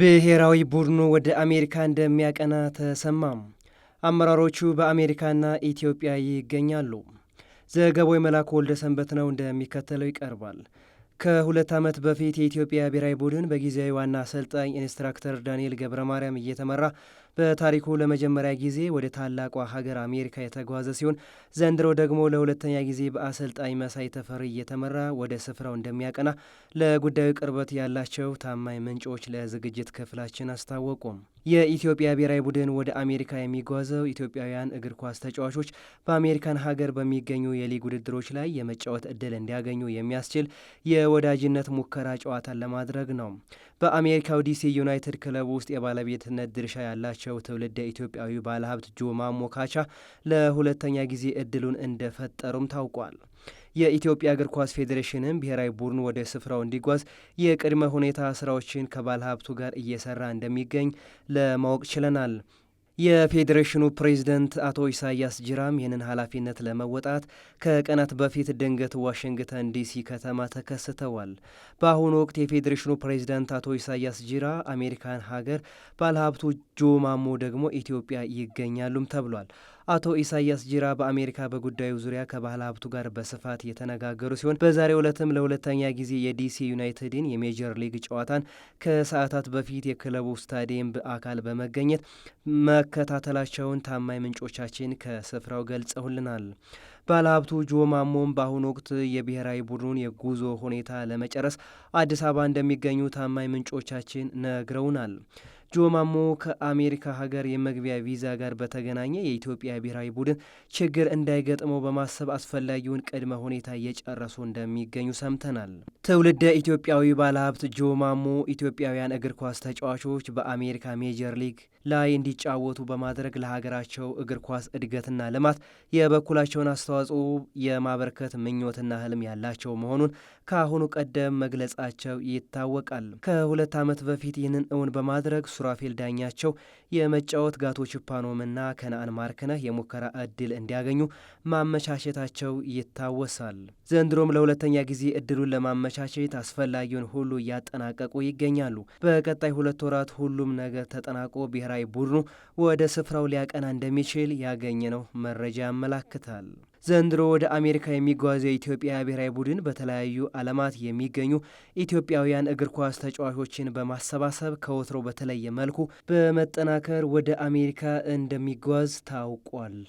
ብሔራዊ ቡድኑ ወደ አሜሪካ እንደሚያቀና ተሰማም። አመራሮቹ በአሜሪካና ኢትዮጵያ ይገኛሉ። ዘገባው የመላኩ ወልደ ሰንበት ነው፣ እንደሚከተለው ይቀርባል። ከሁለት ዓመት በፊት የኢትዮጵያ ብሔራዊ ቡድን በጊዜያዊ ዋና አሰልጣኝ ኢንስትራክተር ዳንኤል ገብረ ማርያም እየተመራ በታሪኩ ለመጀመሪያ ጊዜ ወደ ታላቋ ሀገር አሜሪካ የተጓዘ ሲሆን ዘንድሮ ደግሞ ለሁለተኛ ጊዜ በአሰልጣኝ መሳይ ተፈሪ እየተመራ ወደ ስፍራው እንደሚያቀና ለጉዳዩ ቅርበት ያላቸው ታማኝ ምንጮች ለዝግጅት ክፍላችን አስታወቁም። የኢትዮጵያ ብሔራዊ ቡድን ወደ አሜሪካ የሚጓዘው ኢትዮጵያውያን እግር ኳስ ተጫዋቾች በአሜሪካን ሀገር በሚገኙ የሊግ ውድድሮች ላይ የመጫወት እድል እንዲያገኙ የሚያስችል የወዳጅነት ሙከራ ጨዋታን ለማድረግ ነው። በአሜሪካው ዲሲ ዩናይትድ ክለብ ውስጥ የባለቤትነት ድርሻ ያላቸው ትውልደ ኢትዮጵያዊ ባለሀብት ጆ ሞካቻ ለሁለተኛ ጊዜ እድሉን እንደፈጠሩም ታውቋል። የኢትዮጵያ እግር ኳስ ፌዴሬሽንም ብሔራዊ ቡድን ወደ ስፍራው እንዲጓዝ የቅድመ ሁኔታ ስራዎችን ከባለሀብቱ ጋር እየሰራ እንደሚገኝ ለማወቅ ችለናል። የፌዴሬሽኑ ፕሬዝደንት አቶ ኢሳያስ ጅራም ይህንን ኃላፊነት ለመወጣት ከቀናት በፊት ድንገት ዋሽንግተን ዲሲ ከተማ ተከስተዋል። በአሁኑ ወቅት የፌዴሬሽኑ ፕሬዝደንት አቶ ኢሳያስ ጅራ አሜሪካን ሀገር፣ ባለሀብቱ ጆ ማሞ ደግሞ ኢትዮጵያ ይገኛሉም ተብሏል። አቶ ኢሳያስ ጅራ በአሜሪካ በጉዳዩ ዙሪያ ከባህል ሀብቱ ጋር በስፋት የተነጋገሩ ሲሆን በዛሬው ዕለትም ለሁለተኛ ጊዜ የዲሲ ዩናይትድን የሜጀር ሊግ ጨዋታን ከሰዓታት በፊት የክለቡ ስታዲየም አካል በመገኘት መከታተላቸውን ታማኝ ምንጮቻችን ከስፍራው ገልጸውልናል። ባለሀብቱ ጆ ማሞም በአሁኑ ወቅት የብሔራዊ ቡድኑን የጉዞ ሁኔታ ለመጨረስ አዲስ አበባ እንደሚገኙ ታማኝ ምንጮቻችን ነግረውናል። ማሞ ከአሜሪካ ሀገር የመግቢያ ቪዛ ጋር በተገናኘ የኢትዮጵያ ብሔራዊ ቡድን ችግር እንዳይገጥመው በማሰብ አስፈላጊውን ቅድመ ሁኔታ እየጨረሱ እንደሚገኙ ሰምተናል። ትውልደ ኢትዮጵያዊ ባለሀብት ማሞ ኢትዮጵያውያን እግር ኳስ ተጫዋቾች በአሜሪካ ሜጀር ሊግ ላይ እንዲጫወቱ በማድረግ ለሀገራቸው እግር ኳስ እድገትና ልማት የበኩላቸውን አስተዋጽኦ የማበርከት ምኞትና ህልም ያላቸው መሆኑን ከአሁኑ ቀደም መግለጻቸው ይታወቃል። ከሁለት ዓመት በፊት ይህንን እውን በማድረግ ሱራፌል ዳኛቸው የመጫወት ጋቶ ችፓኖምና ከነአን ማርክነህ የሙከራ እድል እንዲያገኙ ማመቻቸታቸው ይታወሳል። ዘንድሮም ለሁለተኛ ጊዜ እድሉን ለማመቻቸት አስፈላጊውን ሁሉ እያጠናቀቁ ይገኛሉ። በቀጣይ ሁለት ወራት ሁሉም ነገር ተጠናቆ ብሔራዊ ብሔራዊ ቡድኑ ወደ ስፍራው ሊያቀና እንደሚችል ያገኘነው መረጃ ያመላክታል። ዘንድሮ ወደ አሜሪካ የሚጓዘው የኢትዮጵያ ብሔራዊ ቡድን በተለያዩ ዓለማት የሚገኙ ኢትዮጵያውያን እግር ኳስ ተጫዋቾችን በማሰባሰብ ከወትሮ በተለየ መልኩ በመጠናከር ወደ አሜሪካ እንደሚጓዝ ታውቋል።